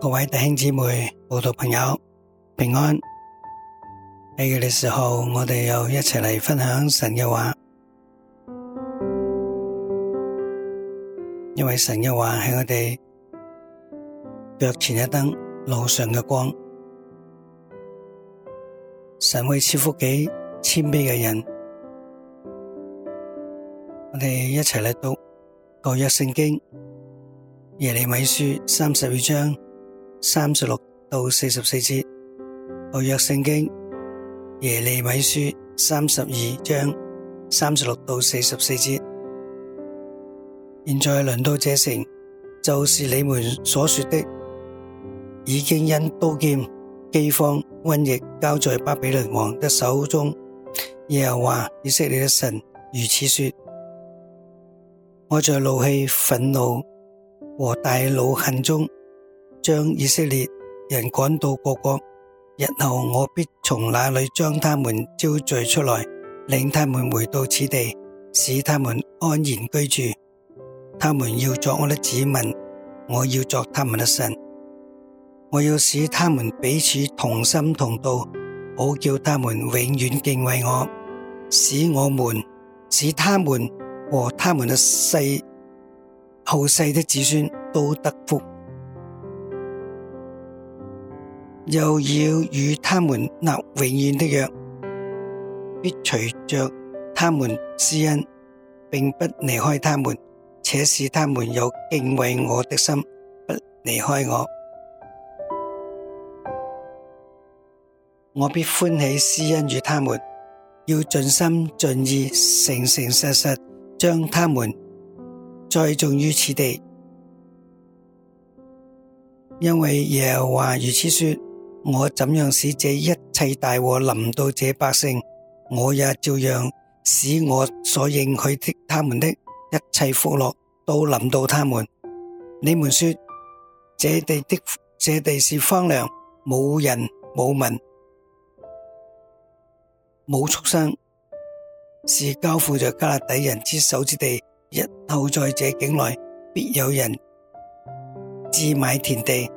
各位弟兄姊妹、慕道朋友平安，喺嘅時候，我哋又一齊嚟分享神嘅話。因為神嘅話係我哋腳前一燈、路上嘅光。神會賜福俾謙卑嘅人。我哋一齊嚟讀舊約聖經耶利米書三十二章。三十六到四十四節，舊約聖經耶利米書三十二章三十六到四十四節。現在論到這城，就是你們所說的，已經因刀劍、饑荒、瘟疫交在巴比倫王的手中。耶和華以色列的神如此說：我在怒氣、憤怒和大惱恨中。將以色列人趕到各國，日後我必從那裡將他們招聚出來，令他們回到此地，使他們安然居住。他們要作我的子民，我要作他們的神。我要使他們彼此同心同道，好叫他們永遠敬畏我，使我們，使他們和他們的世後世的子孫都得福。又要與他們立永遠的約，必隨着他們施恩，並不離開他們，且使他們有敬畏我的心，不離開我。我必歡喜施恩與他們，要盡心盡意、誠誠實實將他們栽種於此地，因為耶和華如此說。我怎樣使這一切大禍臨到這百姓，我也照樣使我所應許的他們的一切福樂都臨到他們。你們說這地的這地是荒涼，冇人冇民冇畜生，是交付着加勒底人之手之地。日後在這境內必有人置買田地。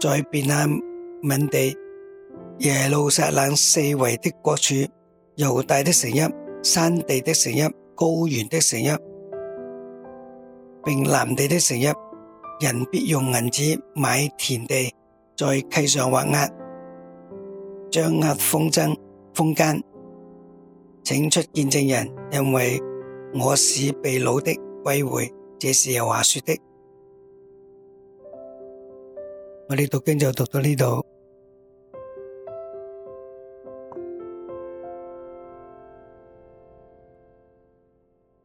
在便雅憫地、耶路撒冷四圍的各處、猶大的城邑、山地的城邑、高原的城邑，並南地的城邑，人必用銀子買田地，在契上畫押，將契封緘封間，請出見證人，因為我使被擄的歸回，這是有話說的。我哋讀經就讀到呢度，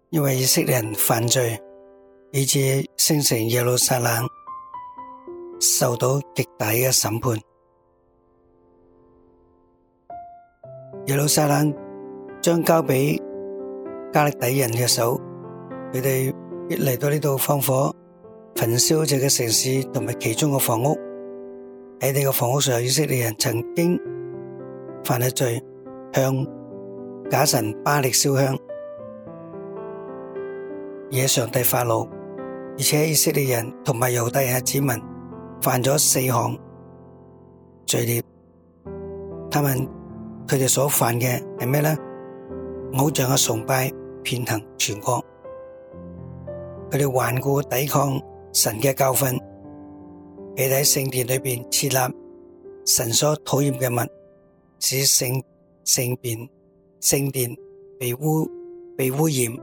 因為以色列人犯罪，以致聖城耶路撒冷受到極大嘅審判。耶路撒冷將交俾迦勒底人嘅手，佢哋一嚟到呢度放火，焚燒住嘅城市同埋其中嘅房屋。喺呢個房屋上，以色列人曾經犯咗罪，向假神巴力燒香，惹上帝發怒，而且以色列人同埋猶大人嘅子民犯咗四項罪孽。他們佢哋所犯嘅係咩咧？偶像嘅崇拜，遍行全國，佢哋頑固抵抗神嘅教訓。佢喺聖殿裏邊設立神所討厭嘅物，使聖聖殿聖殿被污被污染。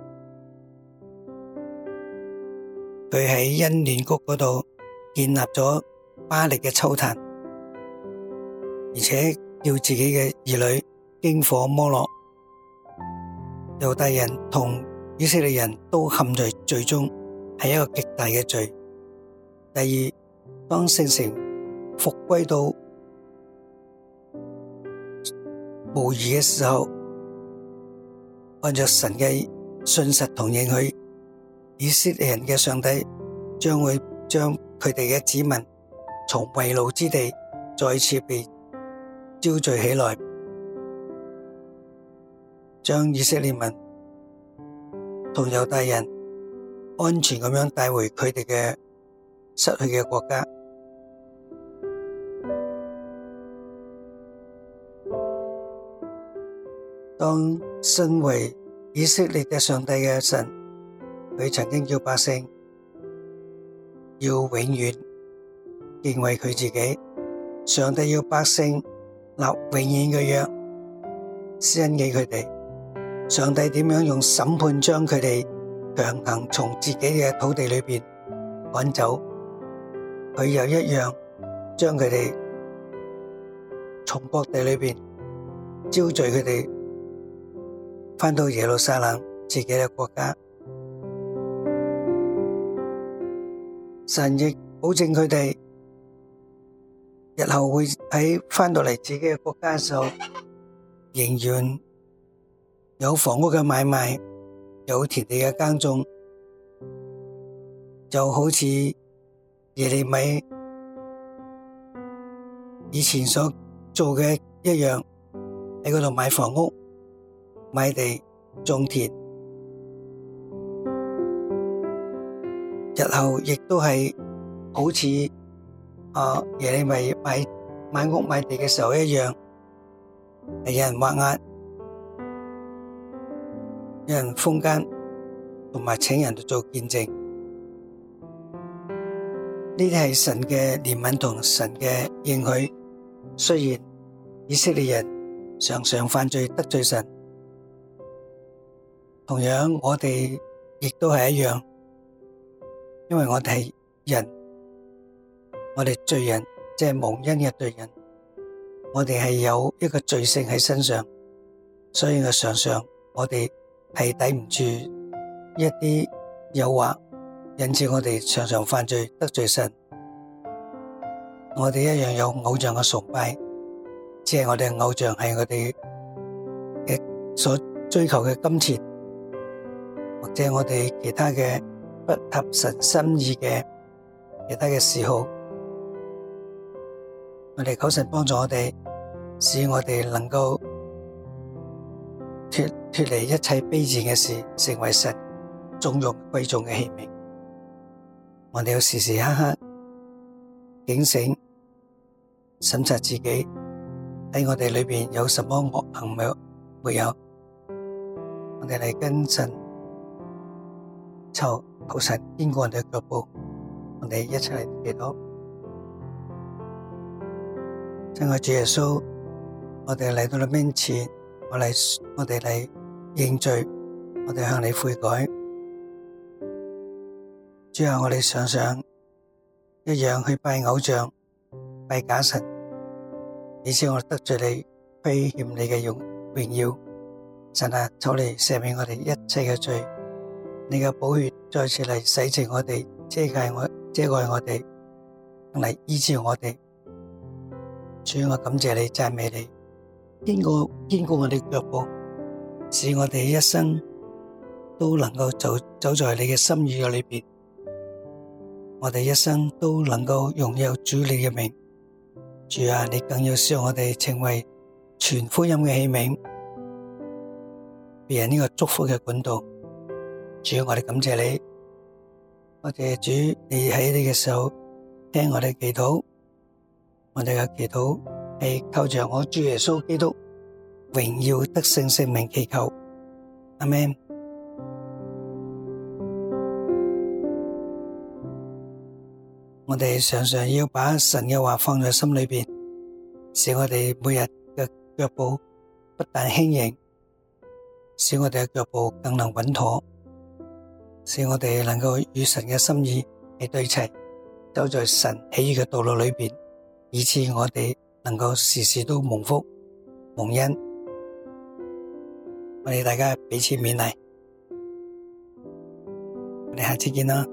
佢喺欣嫩谷嗰度建立咗巴力嘅邱壇，而且叫自己嘅兒女經火摩洛。猶大人同以色列人都陷在罪中，係一個極大嘅罪。第二，當聖城復歸到無疑嘅時候，按照神嘅信實同應許，以色列人嘅上帝將會將佢哋嘅子民從遺老之地再次被召聚起來，將以色列民同猶大人安全咁樣帶回佢哋嘅。失去嘅國家，當身為以色列嘅上帝嘅神，佢曾經叫百姓要永遠敬畏佢自己。上帝要百姓立永遠嘅約，施恩俾佢哋。上帝點樣用審判將佢哋強行從自己嘅土地裏面趕走？.佢又一樣將佢哋從各地裏邊召聚佢哋，返到耶路撒冷自己嘅國家。神亦保證佢哋日後會喺返到嚟自己嘅國家嘅時候，仍然有房屋嘅買賣，有田地嘅耕種，就好似耶利米以前所做嘅一樣，喺嗰度買房屋、買地、種田，日後亦都係好似啊耶利米買買屋買地嘅時候一樣，有人畫押，有人封緘，同埋請人做見證。呢啲係神嘅憐憫同神嘅應許，雖然以色列人常常犯罪得罪神，同樣我哋亦都係一樣，因為我哋係人，我哋罪人即係蒙恩嘅罪人，人我哋係有一個罪性喺身上，所以我常常我哋係抵唔住一啲誘惑。引致我哋常常犯罪得罪神，我哋一樣有偶像嘅崇拜，即係我哋偶像係我哋嘅所追求嘅金錢，或者我哋其他嘅不合神心意嘅其他嘅嗜好。我哋求神幫助我哋，使我哋能夠脫脫離一切卑賤嘅事，成為神重用貴重嘅器皿。我哋要時時刻刻警醒、審察自己，喺我哋裏邊有什麼惡行冇沒有？我哋嚟跟神，求神堅固我哋嘅腳步。我哋一齊嚟祈禱。親愛主耶穌，我哋嚟到你面前，我嚟，我哋嚟認罪，我哋向你悔改。之後我哋想想一樣去拜偶像、拜假神，以致我得罪你、虧欠你嘅榮榮耀。神啊，求你赦免我哋一切嘅罪，你嘅寶血再次嚟洗淨我哋、遮蓋我遮蓋我哋，嚟醫治我哋。主要我感謝你、讚美你，堅固堅固我哋腳步，使我哋一生都能夠走走在你嘅心意嘅裏邊。我哋一生都能夠擁有主你嘅名，主啊，你更要使我哋成為全福音嘅器皿，變成呢個祝福嘅管道。主，我哋感謝你，我哋主，你喺呢個時候聽我哋祈禱，我哋嘅祈禱係靠着我主耶穌基督榮耀得勝聖名祈求，阿門。我哋常常要把神嘅話放在心裏邊，使我哋每日嘅腳步不但輕盈，使我哋嘅腳步更能穩妥，使我哋能夠與神嘅心意係對齊，走在神喜悅嘅道路裏邊，以致我哋能夠時時都蒙福蒙恩。我哋大家彼此勉勵，我哋下次見啦。